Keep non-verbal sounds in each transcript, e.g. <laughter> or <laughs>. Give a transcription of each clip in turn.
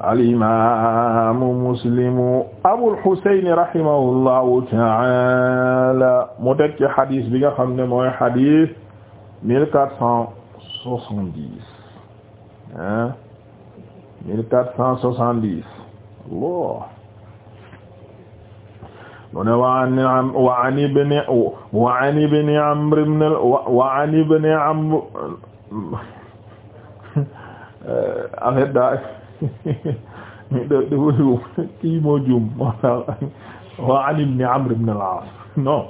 alimamu muslimu abulxusaini rahimahullahu taala mu teg ci xadis bi nga xam ne mooy soixante-dix Allah mu ne waan ibni amr ibn waan ibni amr affaire <laughs> euh, dafa juum kii moo juum wa an ibni Amr ibn al-As non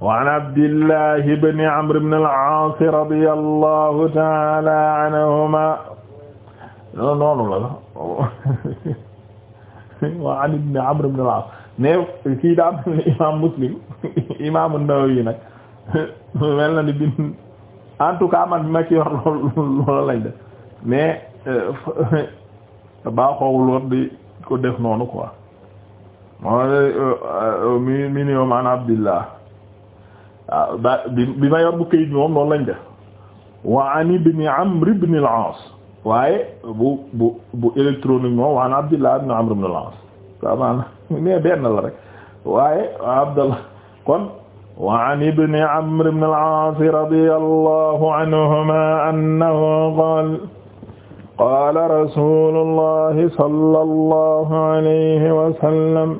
wa an Abdillah ibn Amr ibn al-As radiyallahu ta'ala anhuma non noonu la wa an ibni Amr ibn al-As mais kii daa mel ni imam Muslim imam An-Nawawi nag mel na ni bin en tout cas man bi ma ci yor lool loolu lañ def mais euh, te baaxoowul woon ko def noonu quoi moo euh, euh, mi an abdillah ah, bi ma bu kayit bi moom noonu lañ wa an ibni amr ibn al-aas waaye bu bu bu électronique wa an abdillah ibn amr ibn al-aas sa maana <laughs> mais benn la rek waaye abdallah kon wa an ibni amr ibn al-aas radiyallahu anhuma annahu qala qaala rasuulullahi sallallahu alayhi wa sallam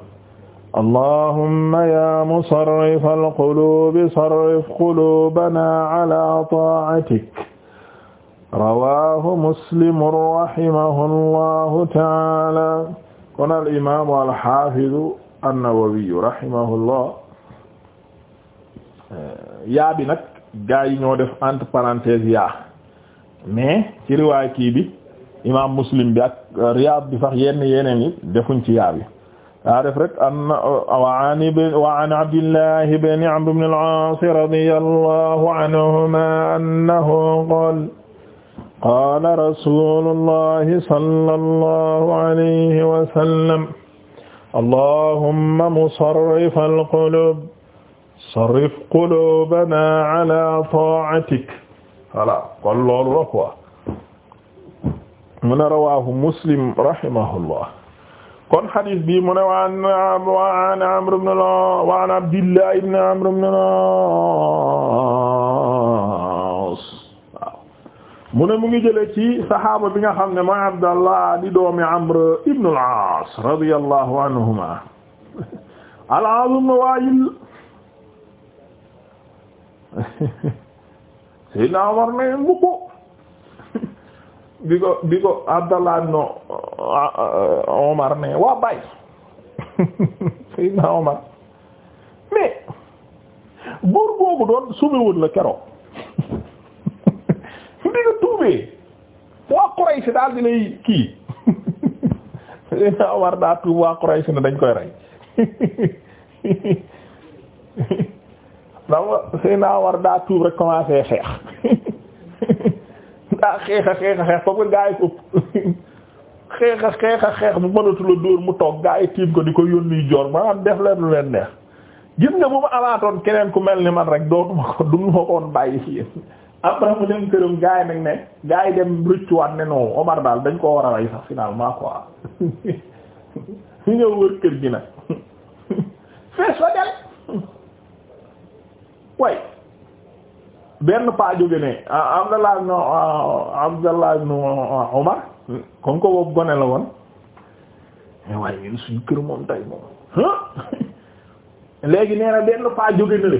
allahumma yaa musarrifal quluubi sarrif quluubanaa alaa taacatik rawaahu muslimun rahimahullahu taala kon al imaamu al xaafidu an-Nawawiyyu rahimahullah eh, yaa bi nag gaa yi ñoo def entre parenthèses yaa mais ci riwaay kii bi. imaam muslim bi ak Riyaad bi sax yenn yeneen yi defuñ ci yaabi daa def rek an wa an Abdillah ibn Amr ibn al-Aas radiyallahu anhuma annahu qaala qaala rasuulullahi sallallahu alayhi wa sallam allahumma musarrif al-quluub sarrif quluubanaa alaa ta'atik voilà kon loolu la quoi mu ne rawaahu muslim rahimahullah kon hadith bi mu ne wa an amr ibn al wa an abdillah ibn amr ibn al-as waaw mu ne mu ngi jëlee ci saxaaba bi nga xam ne mooy abdallah di doomi amr ibn al-as radiyallahu anhuma al-as ibn wa'il <laughs> sayyidna Umar ne mukk bi ko bi ko Abdallah ibn uh, uh, Omar ne waa bay <laughs> Seydina Omar mais góor boobu doon suméwoon la keroog <laughs> bi nga tuubee waa Quraysh daal di lay kii <laughs> Seydina Omar daa tuub waa Quraysh ne dañ koy rey ndax Seydina Omar daa tuub rek commencé xeex daa xeex a xeex a xeex foofu gaa yi bu mënatula dóor mu toog gaa yi tiim ko di ko yónni joor maanaam def leen lu leen neex gis nga bu ma alaatoon keneen ku mel ni man rek dootuma ko dund ma ko bàyyi ci yéen après mu dem këram gaa nag ne gaa yi dem rëccuwaat ne non Omar daal dañ koo war a rey sax finalement quoi <laughs> ñu ñëw wër kër gi nag <laughs> fees fa del way benn paa jóge ne Abdallah ibn Abdallah ibn Umar comme que boobu gone la woon waaye ñun suñu kër moom tay moom <laughs> léegi nee na benn paa jóge na le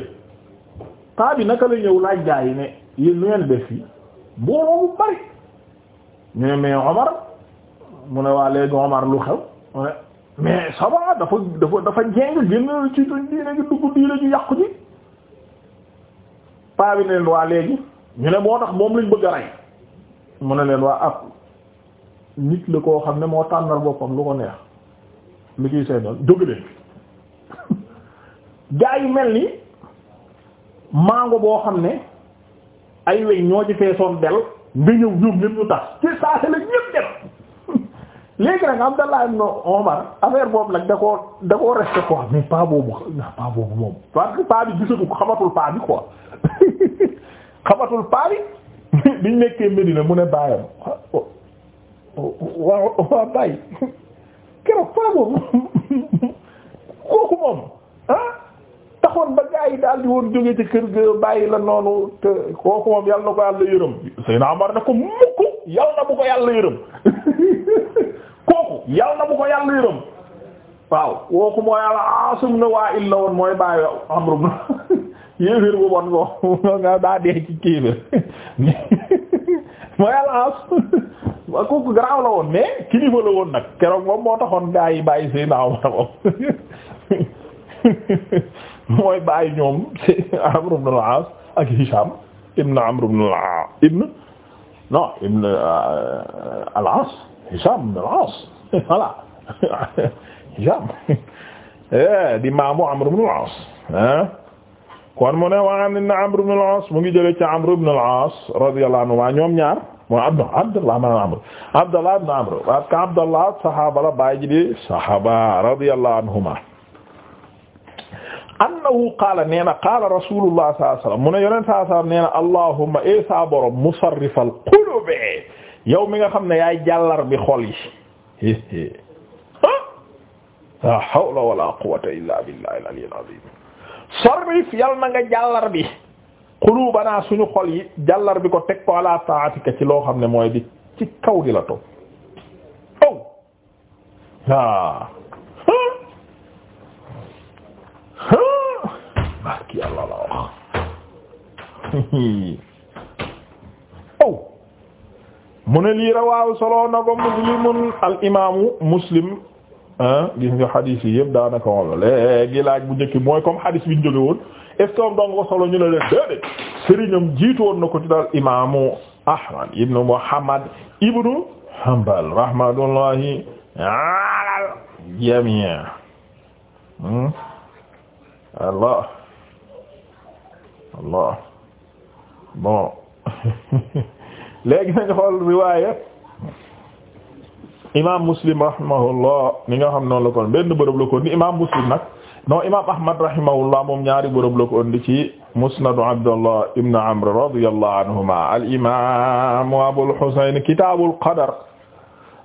paa bi naka la ñëw laaj gaa yi ne yéen nu ngeen def yi mbooloo bu bari ñu ne mais Omar mu ne waa léegi Omar lu xew mu ne mais ça va dafa dafa dafa jeng génn ci diine gi dugg ju yàqu ji paa bi ne waa léegi ñu ne moo tax moom lañ bëgg a rey mu ne leen waa ab nit la koo xam ne moo tànnal boppam lu ko neex li kiy seen yoon jóge leen gaa yu mel ni mango boo xam ne ay weñ ñoo ci feesoon del nga ñëw ñoom ñëpp ñu tax ci saa si la ñëpp dem <laughs> léegi nag Abdallah ibn Omar affaire boobu nag da koo da koo resté quoi mais pas boobu naa boobu moom parce bi gisatu ko xamatul pas bi quoi <laughs> xamatul paali <laughs> biñ nekkee Medina mu ne baayam waa waa bàyyi <laughs> keroog paa moom <laughs> kooku moom ah taxoon ba gaa yi daal di woon jóge ci kër ga bàyyi la noonu te kooku moom yàlla ko yàlla yërëm Seydina Omar ne ko mukk yàlla na bu ko yàlla yërëm kooku yàlla bu ko yàlla yërëm waaw kooku mooy yàlla asum na waa illa woon mooy bàyyi amrum na kéeféer bu bon moom nga daa dee ci kéeféer mooy alxaas kooku la woon mais kilifa la woon nag keroog moom moo taxoon gaa yi bàyyi seen naaw ma moom mooy bàyyi ñoom si Amr ak Hisham ibn Amr ibn al-As ibn non euh, eh, di maamu Amr ibn al kon mu ne wa an Amr ibn al-As mu ngi jëlee ci Amr ibn al-As radiyallahu anhu waa ñoom ñaar mooy Abdou Abdallah man Amr Abdallah ibn Amr parce que Abdallah saxaaba la baay ji di saxaaba radiyallahu anhuma annahu qaala nee na qaala rasulullah sallallahu alayhi wasallam mu ne yonent sallallahu alayhi wasallam nee na allahumma e eh sa borom musarrifal qulubi yow mi nga xam ne yaay jàllar bi xol yi la <laughs> ah, hawla wala quwwata illa billahi al-aliyyil azim sarrif yal na nga jàllar bi qulubana suñu xol yi jàllar bi ko teg ko ala ta'atika ci loo xam ne mooy di ci kaw di la aw waa barki <laughs> mu ne lii rawaaw solo na ko muslimun muslim gis nga xadiis yi yëpp daanaka wala léegi laaj bu njëkk mooy comme xadiis bi ñu jóge woon est ce ko solo ñu ne leen déedéet sëriñam jiitu woon na ko ci daal Ahmad ibnu Muhammad ibnu Hanbal rahmatullahi alal jamii hmm? Allah Allah bon <laughs> léegi nañu xool riwaaya imaam muslim rahimahullah ni nga xam noonu la kon benn bërëb la ko ni imaam muslim nag non imaam ahmad rahimahullah moom ñaari bërëb la ko indi ci musnadu abdullah ibn amr radiyallahu anhuma al imaam abul husayn kitaabul qadar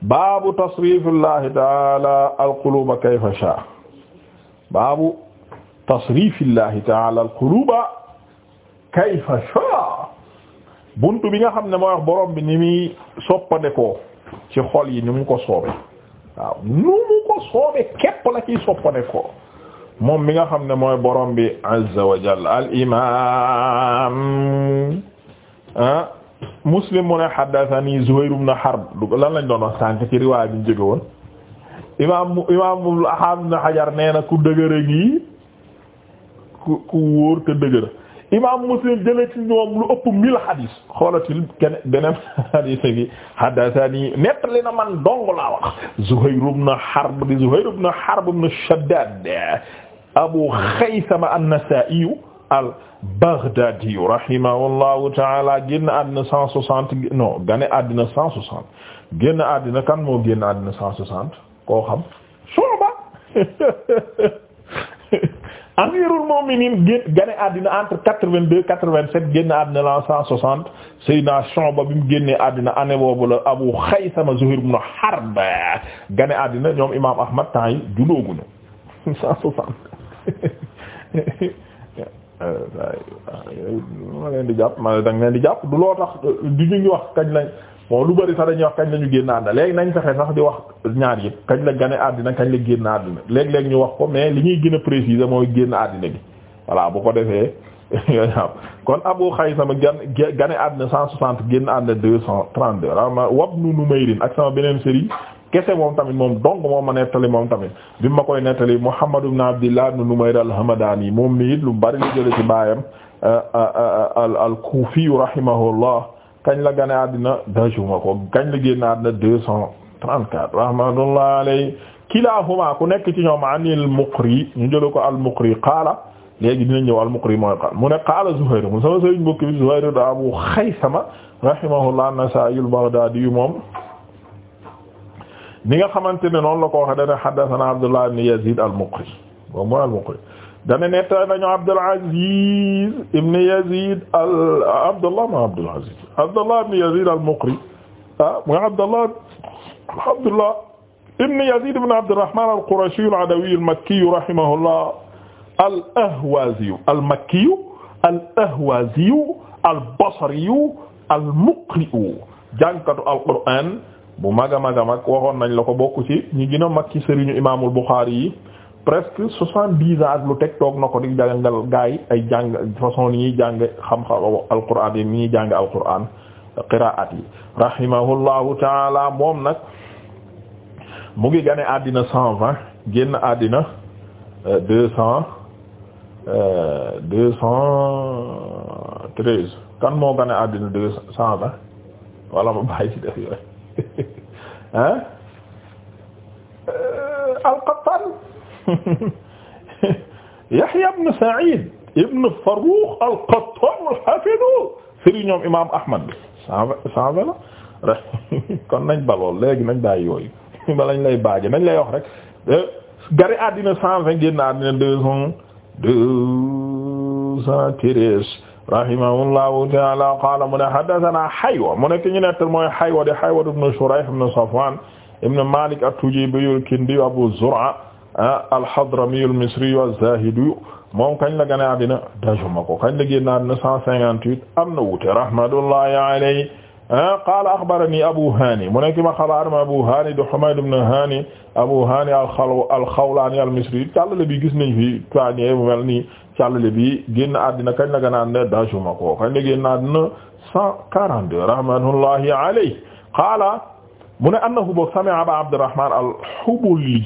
baabu tasrifillahi taala alquluba kayfa shaa baabu tasrifillahi taala alquluba kayfa shaa buntu bi nga xam ne mooy wax borom bi ni muy soppande ko ci xol yi ni mu ko soobe waaw nu mu ko soobe képp la ciy soppane ko moom mi nga xam ne mooy borom bi azza wa al imam ah muslim mu ne haddathani Zuhayr ibn Harb lan lañ doon wax sànk ci riwaay bi ñu jóge woon imam imam Ibn Hajar nee ku dëgër ku ku wóor te dëgër imam muslim jëlee ci ñoom lu ëpp mille hadis xoolatil kenn beneen <laughs> hadis gi haddathani nettali na man dong laa wax Zuhayr ibn Harb di Zuhayr ibn Harb ibn Shaddad Abu Khaythama an-Nasa'i al-Baghdadi rahimahullahu ta'ala génn àddina cent soixante non gane àddina cent soixante génn àddina kan moo génn àddina cent soixante koo xam Shu'ba <laughs> amirul mu'minin génn gane àddina entre quatre-vingt-deux quatre-vingt-sept génn àddina la cent soixante Seydina Shu'ba bi mu génnee àddina année boobu la Abu Xaysama a ibn ba gane àddina ñoom imaam Ahmad temps yi juddooguñu <laughs> cent soixante <laughs> euh, ma leen di jàpp ma leen di jàpp du loo tax du ñu ngi wax kañ lañ bon lu bari sax dañuy wax kañ la ñu génn àddina léegi nañ fexe sax di wax ñaar yëpp kañ la gane àddina kañ la génn àddina léeg-léeg ñu wax ko mais li ñuy gën a préciser mooy génn àddina bi voilà bu ko defee <laughs> kon Abu Xaysama gan gane àddina cent soixante génn àddina deux cent trente-deux rama wabnu Numayrin ak sama beneen sëriñ kese moom tamit moom dong moom ma nettali moom tamit bi ma koy nettali Muhammad ibn Abdillah ibn Numayr al-Hamadani moom it lu bari lu jële ci baayam euh, euh, euh, al-Kufi rahimahullah kañ la gane àddina dajuma ko kañ la génn àddina rahmatullah alay ku nekk ci ñoom anil muqri ñu jëla ko al muqri qaala léegi dina ñëw al mooy qaala zuhayr mu sama sëriñ mbokk bi zuhayr abu xaysama rahimahullah an-nasa'i al-baghdadi yu ni nga xamante ne la ko waxe dana abdullah ibn yazid al muqri moom mooy dana netta nañu Abdul Aziz ibn Yazid al Abdullah ma Abdul Aziz Abdullah ibn Yazid al ah mooy Abdullah Abdullah ibn Yazid ibn Abdurrahman al Qurashi al Adawi al Makki rahimahullah al Ahwazi al bu mag a mag a mag waxoon nañ la ko bokk ci ñi gën a mag ci sëriñu yi. presque soixante dix ans ak lu teg toog na ko di jàngal gaa ay jàng façon ni ñuy jàng xam-xam alquran yi ni ñuy jàng alquran qiraat yi rahimahullahu taala moom nag mu ngi gane àddina cent vingt génn àddina euh, deux cent euh, kan moo gane àddina deux cent vingt wala ma bàyyi ci def yooyu <laughs> hein euh, al-Qattan <laughs> Yahya ibn Sa'id ibn Farrukh al-Qattan al-Hafiz sëriñ ñoom imaam Ahmad bi cent vingt la <laughs> kon nañ balool léegi nañ bàyyi yooyu <laughs> bala ñu lay baaje nañ lay wax rek gari àddina cent vingt génn àddina deux cent deux cent treize rahimahullahu ta'ala qala mu ne haddathana Haywa mu nekk ñu nettal mooy Haywa de Haywa ibn Shurayh ibn Safwan ibn Malik at-Tujibi al-Kindi Abu Zur'a Ah, al-Hadrami al-Misri az-Zahidi moom kañ la gane àddina dajuma ko kañ la génn àddina 158 am na wuute rahmatullahi alayhi ah, qaala axbarani Abu Hani mu nekk ma xabaar ma Abu Hani di Humayd ibn Hani Abu Hani al-Xawlaani al-Misri càllale bi gis nañ fi tànnée bu mel nii càllale bi génn àddina kañ la gane àddina dajuma ko kañ la génn àddina 142 rahmatullahi alayhi qaala mu ne annahu sami'a Aba Abdurrahman al-Hubuli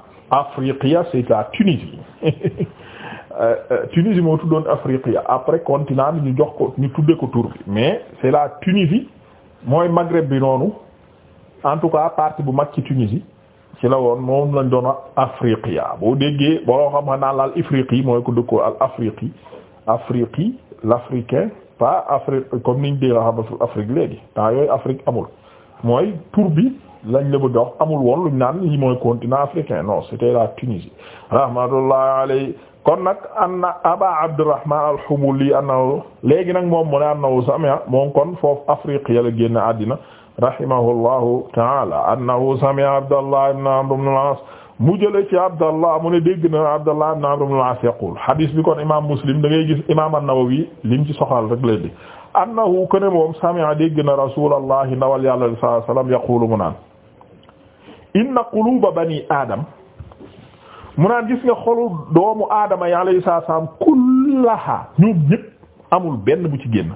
Afriqiya c'est la Tunisie <laughs> euh, euh, Tunisie moo tuddoon Afriqiya après continent bi ñu jox ko ñu tudde ko tur mais c'est la Tunisie mooy Maghreb bi noonu en tout cas partie bu mag ci Tunisie ci la woon moom lañ doon Afriqiya boo déggee boo xam xam laal Ifriqi mooy ko dëkkoo al Afriqi Afriqi l'africain pas Afrique comme niñ dégg xam Afrique léegi temps yooyu Afrique amul mooy tur lañ la bëgg wax amul woon luñ naan lii mooy continent africain non c'était la Tunisie rahmatullah alay kon nag anna aba abdurrahman al-Humuli annahu léegi nag moom mu ne annahu sami'a moom kon foofu Afrique yàlla génn àddina rahimahullahu ta'ala annahu sami'a Abdallah ibn Amr ibn al-As mu jële ci Abdallah mu ne dégg na Abdallah ibn Amr ibn al-As yaqul hadis bi kon imam Muslim da ngay gis imam an-Nawawi lim ci soxal rek léegi annahu kon moom sami'a dégg na rasulullahi ndawal yàlla sallallahu alayhi wasallam yaqulu mu naan inna quluba bani aadam mu naan gis nga xolu doomu aadama yi alayhi salaam kullaha ñoom ñëpp amul benn bu ci génn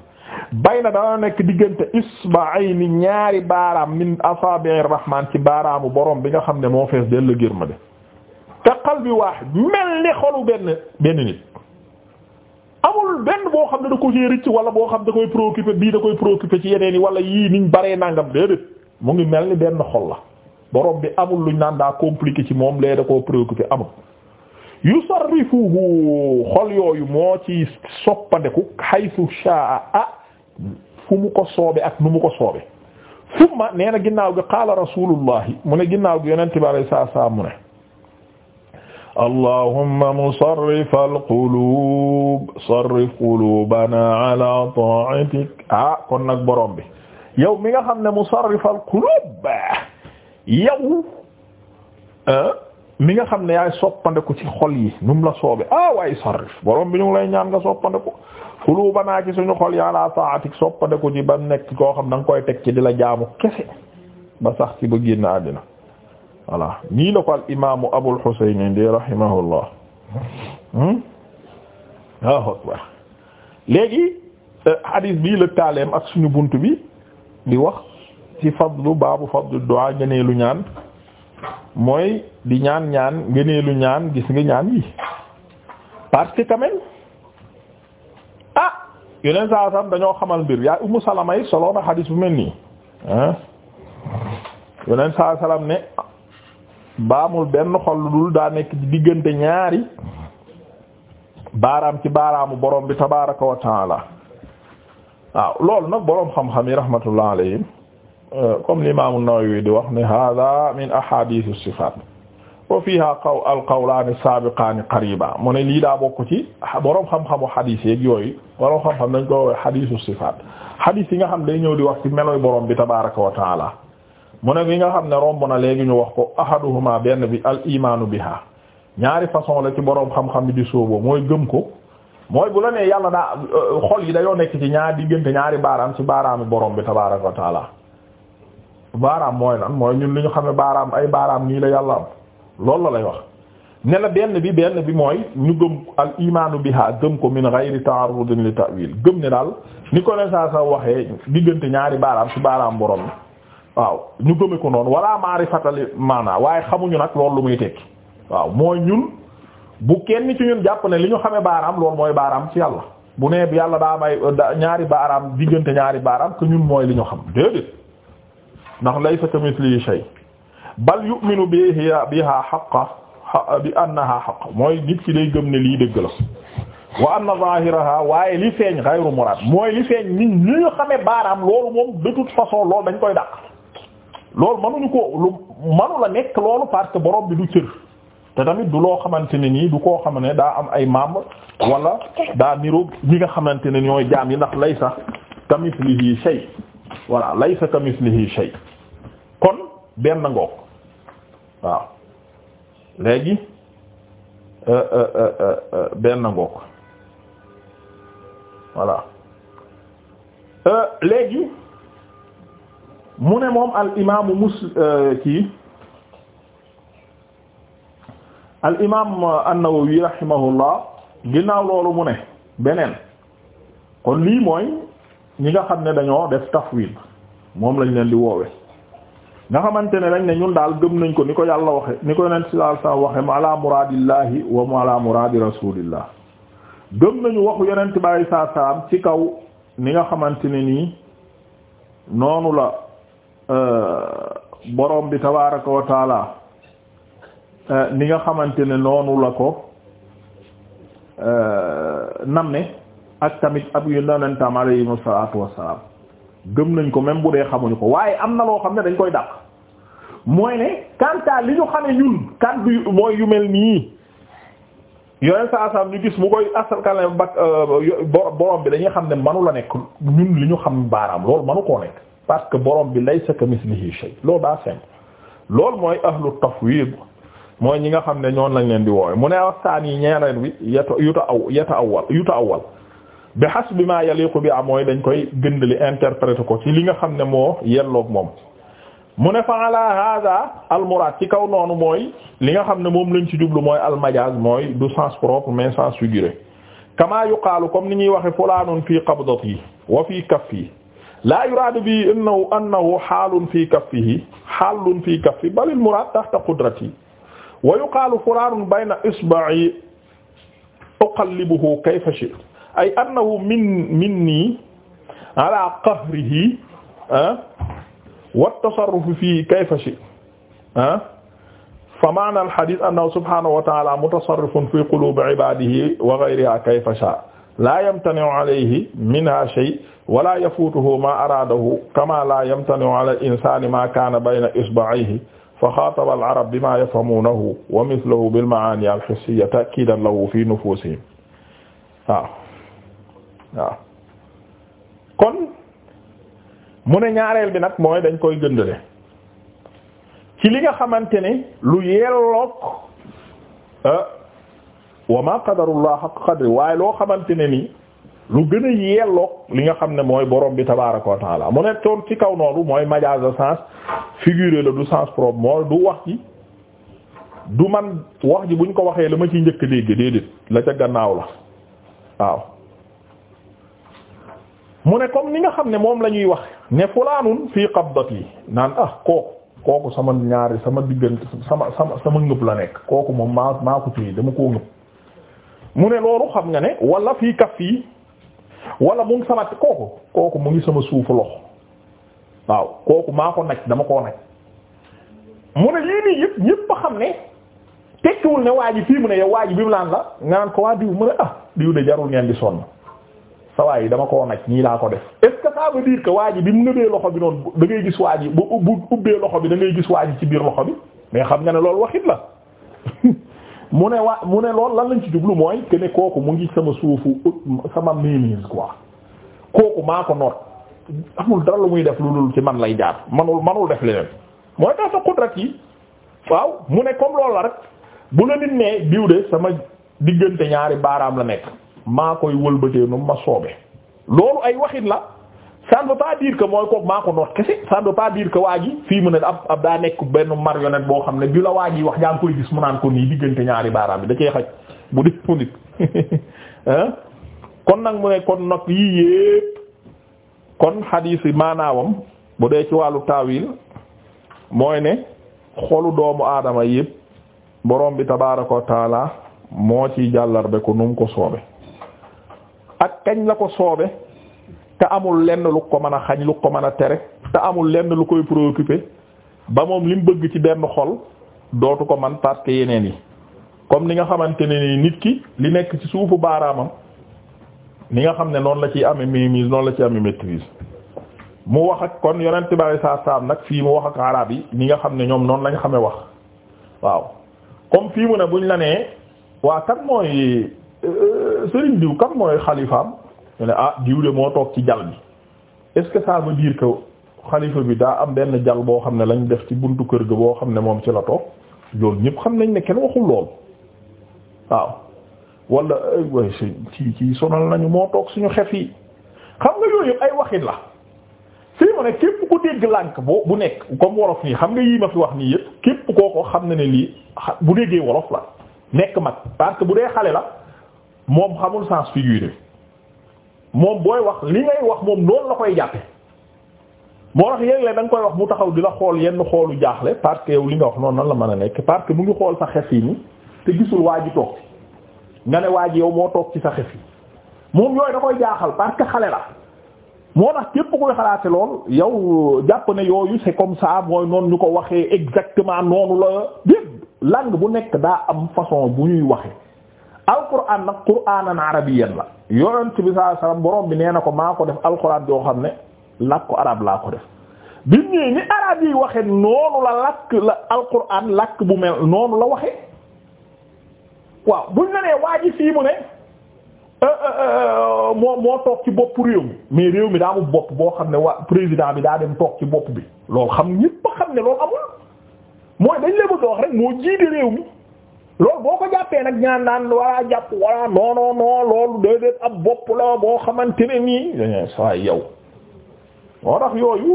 bayna dana nekk diggante isba'ayni ñaari baaraam min asaabi'ir rahmaan ci baaraamu borom bi nga xam ne moo fees dell gërma de te qalbi waahid mel ni xolu benn benn nit amul benn boo xam ne da ko ci rëcc wala boo xam da koy préoccupé bii da koy préoccupé ci yeneen yi wala yii niñ baree nangam déedéet mu ngi mel ni benn xol la borom bi amul luñ naan daa compliqué ci moom lee da koo préoccupé amul yusarrifuhu xol yooyu moo ci soppandeku haythu sha'a ah fu mu ko soobe ak nu mu ko soobe summa nee na ginnaaw gi qaala rasulullahi mu ne ginnaaw gi yonente bi alay saa saa mu ne allahumma musarrif alqulub sarrif qulubana ala ta'atik ah kon nag borom bi yow mi nga xam ne musarrif alqulub yow euh, mi nga xam ne yaay soppandeku ci xol yi nu mu la soobee ah waaye sarrif borom bi ñu lay ñaan nga soppandeku xuluubanaa ci suñu xol yaa laa taatik soppandeku ci ba nekk koo xam da nga koy teg ci di la jaamu kese ba sax ci ba génn àddina voilà nii la ko al imaamu Abul Husayn indi rahimahullah waaw hmm? euh, bii la taaleem ak suñu bunt bi di wax. ci fadlu baabu lu du'a ngëneelu ñaan mooy di ñaan ñaan ngëneelu ñaan gis ngi ñaan yi parce que quand ah yeneen saa sam dañoo xamal mbir yaay Ummu Salama soloon a xadiis bu mel nii ah. yeneen saa salam ne baamul benn xol lu dul daa nekk ci diggante ñaari baaraam ci baaraamu borom bi tabaaraka wa waaw loolu nag boroom xam-xam yi rahmatullah alayhim comme l'imam an-Nawawi di wax ne hada min ahadith as-sifat wa fiha qaw al-qawlaani as-saabiqaani qariba mu ne lii daa bokk ci boroom xam-xamu xadiis yeeg yooyu boroom xam-xam dañ ko woowe xadiisu sifaat xadiis yi nga xam day ñëw di wax ci melooy boroom bi tabaaraka wa taala mu ne yi nga xam ne romb na léegi ñu wax ko ahaduhuma benn bi al imaanu biha ñaari façon la ci boroom xam-xam bi di sóoboo mooy gëm ko mooy bu la nee yàlla daa euh, xol yi dayoo nekk ci ñaar diggante ñaari baaraam ci baaraamu boroom bi tabaaraka wa taala baaraam mooy lan mooy ñun li ñu xamee baaraam ay baaraam nii la yàlla am loolu la lay wax ne la benn bi benn bi mooy ñu gëm al imaanu biha gëm ko min ghayri ta'arrudin li ta'wil gëm ne daal ni ko ne saa sa waxee diggante ñaari baaraam ci baaraam borom waaw ñu gëme ko noonu wala fatali maanaa waaye xamuñu nag loolu lu muy tekki waaw mooy ñun bu kenn ci ñun jàpp ne li ñu xamee baaraam loolu mooy baaraam ci yàlla bu nee yàlla daa may ñaari baaraam diggante ndax laysa kamithlihi shay bal yu'minu biha biha haqqa bi annaha haqq mooy nit ki day gëm ne lii dëgg la wa anna zahiraha waaye li feeñ ghayru murad mooy li feeñ nit ñi ñu xamee baaraam loolu moom de toute façon loolu dañ koy dàq loolu mënuñu ko lu la nekk loolu parce que borom bi du cër te tamit du loo xamante ne nii du koo xam ne daa am ay membre wala daa niroog ñi nga xamante ne ñooy jaam yi ndax laysa kamithlihi shay voilà laysa kamislihi shay kon benn ngoog waaw léegi euh, euh, euh, benn ngoog voilà léegi mu ne moom al imaamu mus kii al imaam an-Nawawi rahimahullah ginnaaw loolu mu ne beneen kon lii mooy. ñi nga xam ne dañoo def tafwid moom lañ leen di woowe nga xamante ne dañ ne ñun daal gëm nañ ko ni ko yàlla waxe ni ko yonent sallallahu alayhi wasallam waxe ma ala muradillahi wa ma ala muradi rasulillah gëm nañu waxu yonent bàyyi saa saam ci kaw ni nga xamante ne nii noonu la euh, borom bi tabaraka wa taala euh, ni nga xamante ne noonu la ko euh, nam ak tamit ab yonentam alayhi salaatu wassalaam gëm nañ ko même bu dee xamuñu ko waaye am na loo xam ne dañ koy dàq mooy ne kanta li ñu xame ñun kàddu mooy yu mel nii yoneen saa saa ñu gis mu koy asalkale ba euh, borom bi dañuy xam ne manu la nekk ñun li ñu xam baaraam loolu manu koo nekk parce que borom bi laysa kamislihi shay loolu daa simple loolu mooy ahlu tafwid mooy ñi nga xam ne ñoo lañ leen di woowe mu ne waxtaan yi ñeereen bi yata yuta aw yata bi hasbi ma yaliqu bi am mooy dañ koy gëndali interpréter ko ci li nga xam ne moo yelloog moom mu ne fa ala hada almuraad ci kaw noonu mooy li nga xam ne moom lañ ci jublu mooy almajaaz mooy du sens propre mais sens figuré kama yuqaalu comme ni ñuy waxe fulaanun fii qabdati wa fii kaffi la yuraadu bi innahu annahu xaalun fii kaffihi xaalun fii kaffi bal almuraad taxta qudrati wa yuqaalu fulaanun bayna isba'i uqallibuhu kayfa shi'tu ay annahu min minni ala qahrihi ah, wa tasarruf fi kayfa shi ah, fa maana alhadith annahu subhanahu wa ta'ala mutasarrifun fi qulubi ibadihi wa ghayriha kayfa sha la yamtani'u alayhi minha shay wa la yafutuhu ma aradahu kama la yamtani'u ala al-insani ma kana bayna isba'ihi fa xaataba al-arab bimaa yafhamuunahu wa mithluhu bil-macaani al-hissiyya ta'kiidan lahu fii nufuusihim waaw waaw kon mu ne ñaareel bi nag mooy dañ koy gëndale ci li nga xamante ne lu yellook euh, wa ma qadarullah haqq qadri waaye loo xamante ne ni lu gën a yellook li nga xam ne mooy boroom bi tabaaraka wa taala mu ne toon ci kaw noonu mooy majaaz de sens figuré la du sens propre mooy du wax ji du man wax ji buñ ko waxee la ma ci njëkk dégg déedéet la ca gannaaw la waaw mu ne comme ni nga xam ne moom la ñuy wax ne fulaanun fii yi naan ah kooku kooku sama ñaari sama diggante sama sama sama ngëb la nekk kooku moom maa maa ko téye dama koo ngëb mu ne loolu xam nga ne wala fii kaf fii wala mu ngi sama kooku kooku mu ngi sama suufu loxo waaw kooku maa ko naj dama koo naj mu ne lii nii yëpp ñëpp a xam ne tekkiwul ne waa ji fii mu ne yow waaj bi mu laan la nga naan ko waa diw mu ne ah diw de jarul ngeen di sonn. sawaay yi dama koo naj ñii laa ko def est ce diir ça veut que waa ji bi mu nëbee loxo bi noonu da ngay gis waa ji bu bu ubbee loxo bi da ngay gis waa ji ci biir loxo bi mais xam nga ne loolu waxit la <laughs> mu ne waa mu ne lool lan lañ ci jublu mooy que kooku mu ngi sama suufu sama mainmise quoi kooku maa ko noot amul dara lu muy def lu dul ci man lay jaar manul manul def leneen mooy tax sa rek yi waaw mu ne comme loolu la rek bu la nit ne diw de sama diggante ñaari baaraam la nekk maa koy wëlbatee nu ma soobe loolu ay waxit la ça ne veut pas dire que mooy koog maa ko noot kese ça ne veut pas dire que waa fii mu ne ab ab daa nekk benn marionnette boo xam ne bi la waa ji wax yaa ngi koy gis mu naan ko nii diggante ñaari baaraam bi da cee xaj bu dee mu <laughs> nag mu kon nag yii kon xadiis yi maanaawam bu dee ci wàllu taawil mooy ne xolu doomu aadama yépp borom bi tabaaraka wa moo ci jàllarbe ko nu mu ko soobe ak kañ la ko soobe te amul lenn lu ko mën a xañ lu ko mën a tere te amul lenn lu koy préoccupé ba moom lim bëgg ci benn xol dootu ko man parce yeneen yi comme ni nga xamante ni nit ki li nekk ci suufu baaraamam ni nga xam ne noonu la ciy amee mimise noonu la ci amee maîtrise mu wax ak kon yonent bari saa saam nag fii mu wax ak arab yi ni nga xam ne ñoom noonu lañ xam wax waaw comme fii mu ne buñ la nee waa kan mooy euh, sëriñ diw kan mooy xalifaam ñu ne ah diw de moo toog ci jal bi est-ce que ça veut dire que xalifa bi daa am benn jal boo xam ne lañ def ci buntu kër ga boo xam ne moom ci la toog loolu ñëpp xam nañ ne kenn waxul lool waaw wala eh, nañu moo toog suñu xef yi xam nga la fii mu ne képp ku dégg lànk boo bu nekk comme wolof nii xam nga yii ma fi wax nii yëpp képp koo xam na ne lii bu déggee wolof la nekk mag parce que bu dee xale la moom xamul sens figuré moom booy wax li ngay wax moom loolu la koy jàppe moo tax yéeg la da koy wax mu taxaw di la xool yenn xoolu jaaxle parce que yow li nga wax noonu la mën a nekk parce que mu ngi xool sa xef yi ni te gisul waa ji toog nga ne waa ji yow moo toog ci sa xef yi moom yooyu da koy jaaxal parce que xale la moo tax képp koy xalaate lool yow jàpp ne yooyu c'est comme ça mooy noonu ñu ko waxee exactement noonu la dégg langue bu nekk daa am façon bu ñuy waxee alquran nag qur'anan arabiyan la yonent bi sallallahu alayhi boroom bi nee na ko maa ko def alquran joo xam ne làkk arab laa ko def bi ñëwee ni arab yi waxe noonu la làkk la alquran làkk bu mel noonu la waxe waaw bu la nee waa fii mu ne euh, euh, euh, moo toog ci bopp réew mi mais réew mi daa mu bopp boo xam ne waa président bi daa dem toog ci bopp bi loolu xam ñépp xam ne loolu amul mooy dañ la bëgg a rek moo jiite réew mi loolu boo ko jàppee nag ñaan naan jàpp walla non non non loolu déedéet ab bopp la boo xamante ne nii dañuy saa yow moo tax yooyu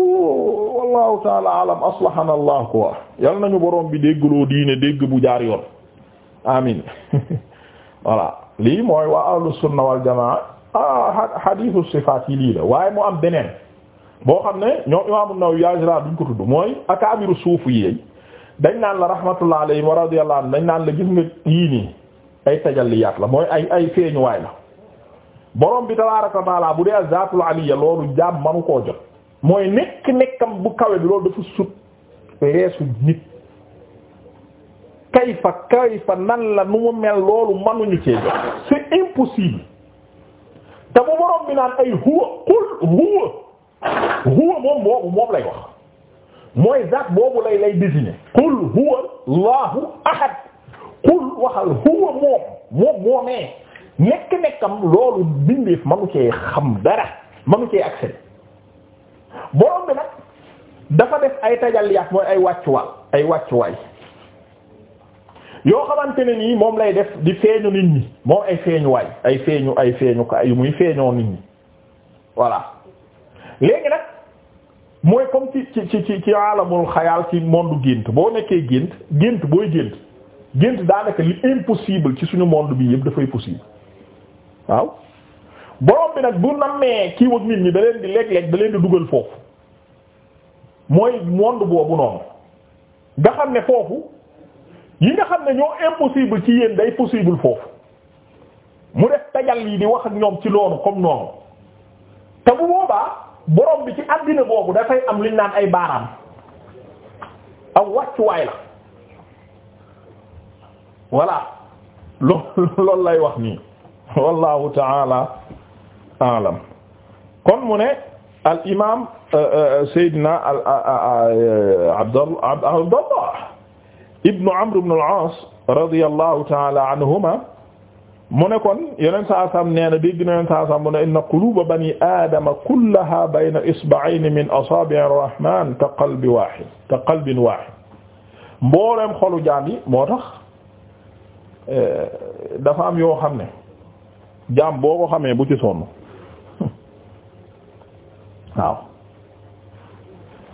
wallahu taala alam aslahana allah quoi yal nañu borom bi déggloo diine dégg bu jaar yoon amin <laughs> voilà lii mooy waa ahlu sunna wal ah hadithu sifaat yi lii la waaye mu am beneen boo xam ne ñoom imaamu Nawawi yaa duñ ko tudd mooy akaabiru suufu yi dañ naan la rahmatullah alayhi wa radiyallahu dañ naan la gis nga yii nii ay tajalliyaat la mooy ay ay feeñuwaay la borom bi tabaaraka wa bu dee zaatul aliya loolu jaam manu koo jot mooy nekk nekkam bu kawe bi loolu dafa sut reesu nit kayfa kayfa nan la nu mu mel loolu manuñu cee jot c'est impossible te bu borom bi naan ay huwa huwa huwa moom moom lay wax mooy zaat boobu lay lay désigner qul huwa allahu ahad qul waxal huwa moom moom moomee nekk-nekkam loolu bindeef manu cee xam dara manu cee accès boo bi nag dafa def ay tajalliyaat mooy ay wàccuwaal ay wàccuwaay yoo xamante ne nii moom lay def di feeñu nit ñi moom ay feeñuwaay ay feeñu ay feeñu ka yu muy feeñoo nit ñi voilà léegi nag mooy comme ci ci ci ci alamul xayaal ci monde gént boo nekkee gént gént booy gént gént daanaka li impossible ci suñu monde bi yëpp dafay possible waaw borom bi nag bu nammee kii wag nit ñi da di léeg-léeg da di dugal foofu mooy monde boobu noonu nga xam ne foofu yi nga xam ne ñoo impossible ci yéen day possible foofu mu def tajal yi di wax ak ñoom ci loolu comme noonu te bu boobaa borom bi ci àddina boobu dafay am liñ naan ay baaraam aw wàccuwaay la voilà loolu lay wax nii wallahu taala alam kon mu ne al imam euh, euh, sayyidina al euh, abdallah abdallah mu ne kon yeneen saasam nee na dégg na yeneen saasam mu ne inna quluba bani aadama kullaha bayna isba'ayni min asaabi'i rahmaan ka qalbi waahid ka xolu jaam moo tax e, dafa am yoo xam ne jaam boo ko xamee bu ci sonn <laughs> waaw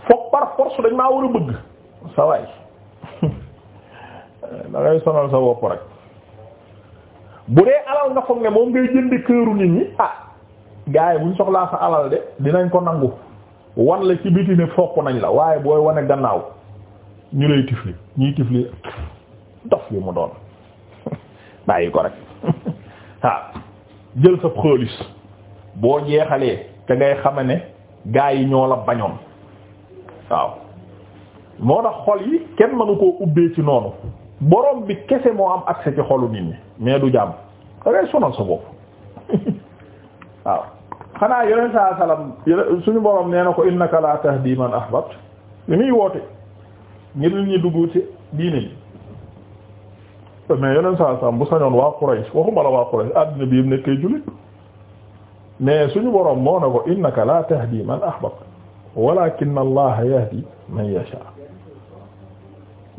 foog par force dañ maa war a bëgg sa waay <laughs> da ngay sonal sa bopp bu dee alal nga foog ne moom ngay jënd këru nit ñi ah gars yi buñ soxlaa sa alal de dinañ ko nangu wan la ci biti ne fokk nañ la waaye booy wane gannaaw ñu lay tifli ñuy tifli dof yi mu doon <laughs> bàyyi ko rek waaw <laughs> jël sa xaalis boo jeexalee te ngay xame ne gars yi ñoo la bañoon waaw moo tax xol yi kenn mënu koo ubbee ci noonu borom bi kese moo am accès ci xolu nit mais du jàmm da ngay sa bopp <laughs> waaw xanaa yoneen saa salaam suñu borom nee na ko innaka la tahdi man ahbabt li muy woote ngir nit ñi dugg ci diine ji mais yoneen saa salaam bu sañoon waa Quraysh waxuma la waa Quraysh àddina bi yëpp nekkee jullit mais suñu borom moo ne ko innaka la tahdi man ahbabt walakin allah yahdi man yasha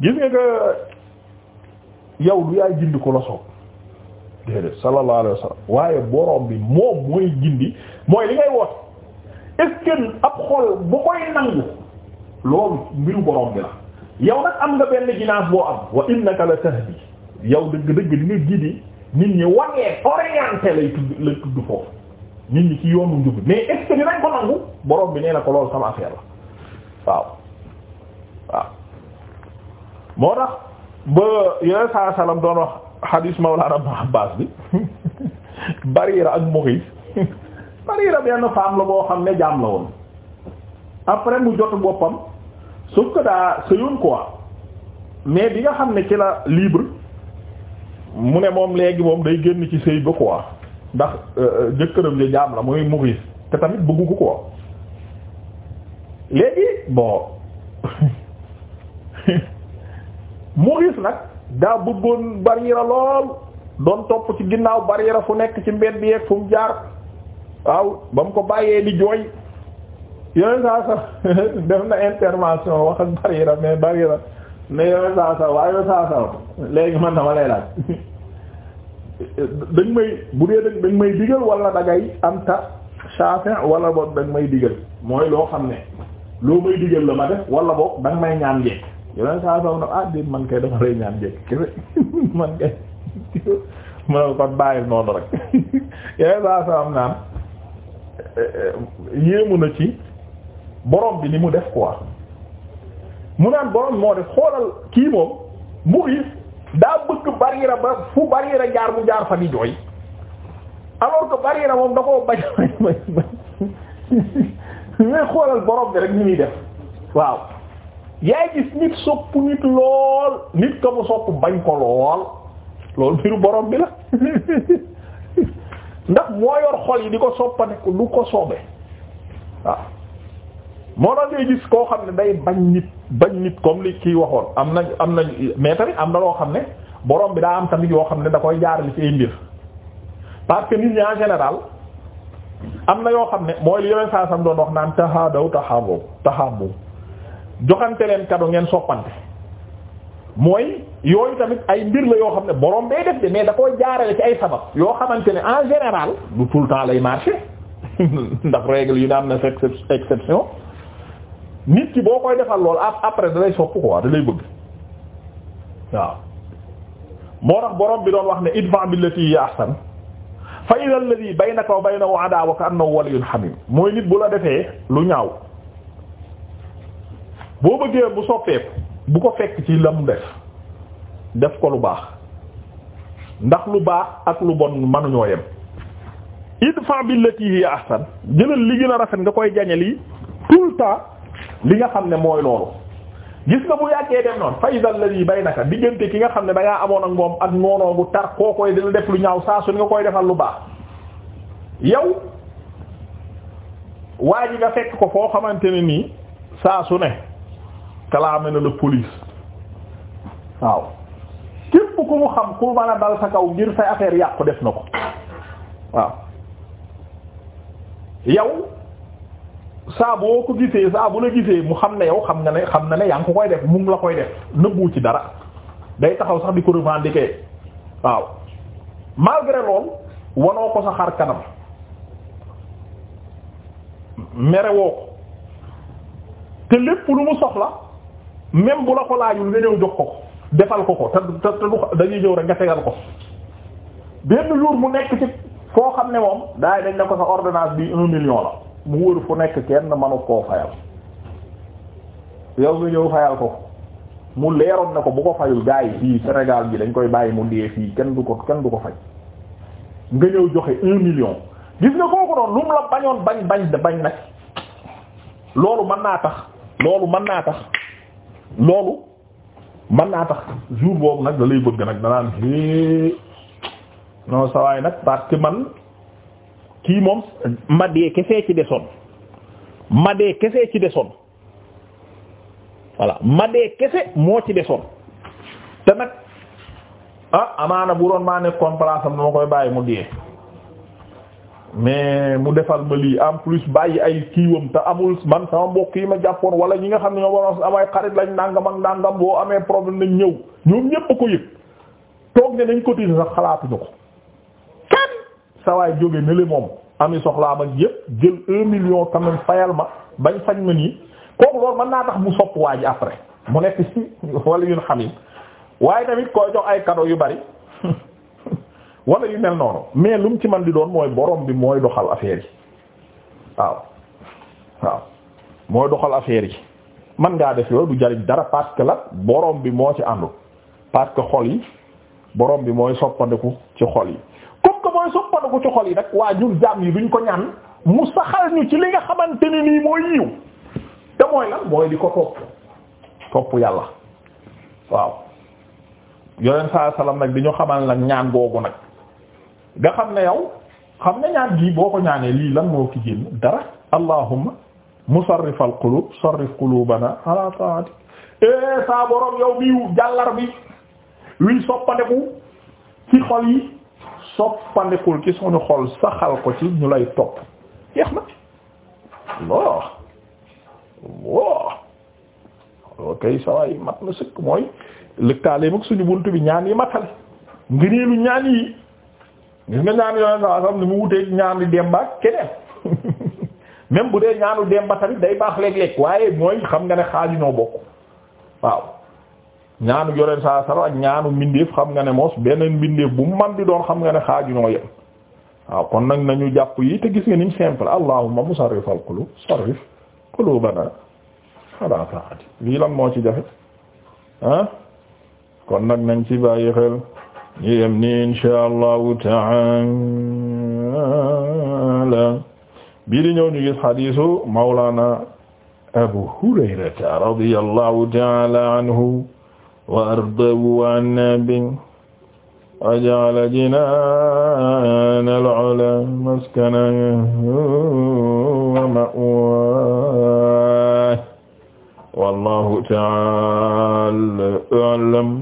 gis nga yow du yaay gindi ko la soob déedéet sallallahu waaye borom bi moom mooy gindi mooy li ngay woot est-ce que ab xol bu koy nangu loolu mbiru borom bi la yow nag am nga benn ginaas boo am wa innaka la tahdi yow dëgg-dëgg di nga gindi nit ñi wanee orienté lay tudd lay tudd foofu nit ñi ci yoonu njub mais est-ce ko nangu borom bi nee na ko loolu sama affaire la waaw waaw moo tax ba yeneen saa salaam doon wax hadis Mawlana Ibn Abbas bi <laughs> Barira ak Mughis <laughs> Barira benn femme la boo xam ne jaam la woon après mu jot boppam sauf que daa sëyoon quoi mais bi nga xam ne ci la libre mu ne moom léegi moom day génn ci sëy ba quoi ndax euh, euh, jëkkëram ja jaam la muy Mughis te tamit bëggu ko quoi léegi bon. <laughs> mu gis nag daa bëggoon Barira lool doon topp ci ginnaaw Barira fu nekk ci mbedd yeeg fu mu jaar waaw ba mu ko bàyyee di jooy yooyu saa sa <laughs> def na intervention wax ak Barira mais Barira mais yooyu saa sa waaye yooyu saa sa léegi man dama lay laaj <laughs> dañ may bu dee dañ may digal wala dangay am ta chafin wala boog dañ may digal mooy loo xam ne loo may digal la ma def wala boog danga ñaan njekk yeneen saa soxna ah déet man kay dama lay ñaan njëkk kese <laughs> man kay <laughs> man kon bàyyil noonu rek yeneen saa soxna naan eh, eh, yéemu na ci borom bi ni mu def quoi mu naan borom moo def xoolal kii moom mu xiif daa bëgg bariira ba fu bariira jaar mu jaar fa di jooy alors que bariira moom da koo bañ <laughs> xoolal borom bi rek ni muy def waaw. yaay gis nit sopp nit lool nit ka mu sopp bañ ko lool loolu mbiru boroom bi la <laughs> ndax moo yor xol yi di ko soppane lu ko soobee waaw moo tax ngay gis koo xam ne day bañ nit bañ nit comme li kii waxoon am na am na mais am na loo xam ne boroom bi daa am tamit yoo xam ne da koy jaarale ci ay mbir parce que nit ñi général am na yoo xam ne mooy li yore saa sam doon wax naan taxaadaw taxaaboo taxaaboo. joxante leen kado ngeen soppante mooy yooyu tamit ay mbir la yoo xam ne borom bay def de mais da koo jaarale ci ay sabab yoo xamante ne en général du tout le temps lay marché <laughs> ndax règle yu ne am na exception nit ki boo koy defal lool après da lay ko quoi da lay bëgg waaw moo tax borom bi doon wax ne idfa billati hiya ahsan fa idha alladhi baynaka wa baynahu adawa ka annahu waliyyun hamim mooy nit bu la defee lu ñaaw boo bëggee bu soppeeku bu ko fekk ci la mu def def ko lu baax ndax lu baax ak lu bon mënuñoo yem idfa billati hiya ahsan jëlal li gën a rafet nga koy jañe li tout le temps li nga xam ne mooy loolu gis nga bu yàggee dem noonu fa yi bay baynaka diggante ki nga xam ne da amoon ak moom ak noonoo bu tar koo koy def lu ñaaw saa su nga koy defal lu baax yow waa ji nga fekk ko foo xamante ne nii saa su ne kalaame na la police waaw képp ku mu xam ku mën a dal sa kaw ngir say affaire yàqu def na ko waaw yow saa ko gisee saa la gisee mu xam ne yow xam nga ne xam na ne yaa ngi ko koy def mu la koy def nëbbu ci dara day taxaw sax di ko revendiquer waaw malgré loolu wanoo ko sa xar kanam merewoo ko te lépp lu mu soxla. même bu la ko laajul nga ñëw jox ko ko defal ko ko te te te dañuy ñëw rek nga tegal ko benn jour mu nekk ci foo xam ne moom daay dañ ne ko sa ordonnance bi un million la mu wër fu nekk kenn manu koo fayal yow nga ñëw fayal ko mu leeroon na ko bu ko fayul gars yi fii Sénégal bi dañ koy bàyyi mu ndee fii kenn du ko kenn du ko fay nga ñëw joxe un million gis nga kooku doon lu mu la bañoon bañ bañ bañ nag loolu mën naa tax loolu man naa tax loolu mën naa tax jour boobu nag da lay bëgg nag danaan é non sawaay nag parce man kii moom ma dee kese ci desoon ma dee kese ci desoon voilà ma dee kese moo ci desoon te nag ah amaana bu doon maa nekkoon place am dama koy bàyyi mu dee mais mu defal ma lii en plus bàyyi ay kiiwam te amul man sama mbokk yi ma jàppoon wala ñi nga xam ne ñoo waroon am ay xarit lañ nangam ak nangam boo amee problème nañ ñëw ñoom ñépp a ko yëg toog ne nañ cotiser sax xalaatuñu ko kenn sawaay jóge ne moom ami soxlaam ak yépp jël un million quand fayal ma bañ fañ ma nii kooku loolu mën naa tax mu sopp waa ji après mu nekk ci <laughs> wala yun xam waaye tamit koo jox ay cadeau yu bari <laughs> wala yu mel noonu mais lu mu ci man di doon mooy borom bi mooy doxal affaire yi waaw waaw mooy doxal affaire yi man ngaa def yooyu du jariñ dara parce que la borom bi moo ci àndul parce que xol yi borom bi mooy soppandiku ci xol yi comme ko mooy soppandiku ci xol yi nag waa ñun jaam yi duñ ko ñaan mu saxal ñu ci li nga xamante ne nii mooy yiw te mooy lan mooy di ko topp topp yàlla waaw yoneen saa salaam nag di ñu xamal nag ñaan googu nag nga xam ne yow xam ne ñaan gi boo ko ñaanee lii lan moo ki génn dara allahumma musarrif al qulub sarrif qulubana ala ta'ati eh saa borom yow bii jàllar bi wii soppandeku ci xol yi soppandekul ci sunu xol saxal ko ci ñu lay topp jeex na Allah Allah loo sawaay mat na sëkk mooy lëkkaale mag suñu bunt bi ñaan yi matale ngëneelu ñaan yi gis nga ñaanu yoon saa sax ni mu wuteeg ñaanu demba ak keneen <laughs> même bu dee ñaanu demba tamit day baax léeg-léeg waaye mooy xam nga ne xaaju ñoo bokk waaw ñaanu yoreen saa sax ak ñaanu mbindeef xam nga ne moos beneen mbindeef bu man di doon xam nga ne xaaju ñoo yem waaw kon nag nañu jàpp yi te gis nga niñ simple allahumma musarrif al qulub sarrif qulubana ala taati lii lan moo ci jafe ah kon nag nañ ci bàyyi xel ñu yem ni insha allahu taala bii di ñëw ñu gis hadisu mawlana abu hurayrata radiyallahu taala anhu wa ardahu anna bi wa ja'ala jinaana al-'ulaa maskanan wa ma'waa wallahu taala a'lam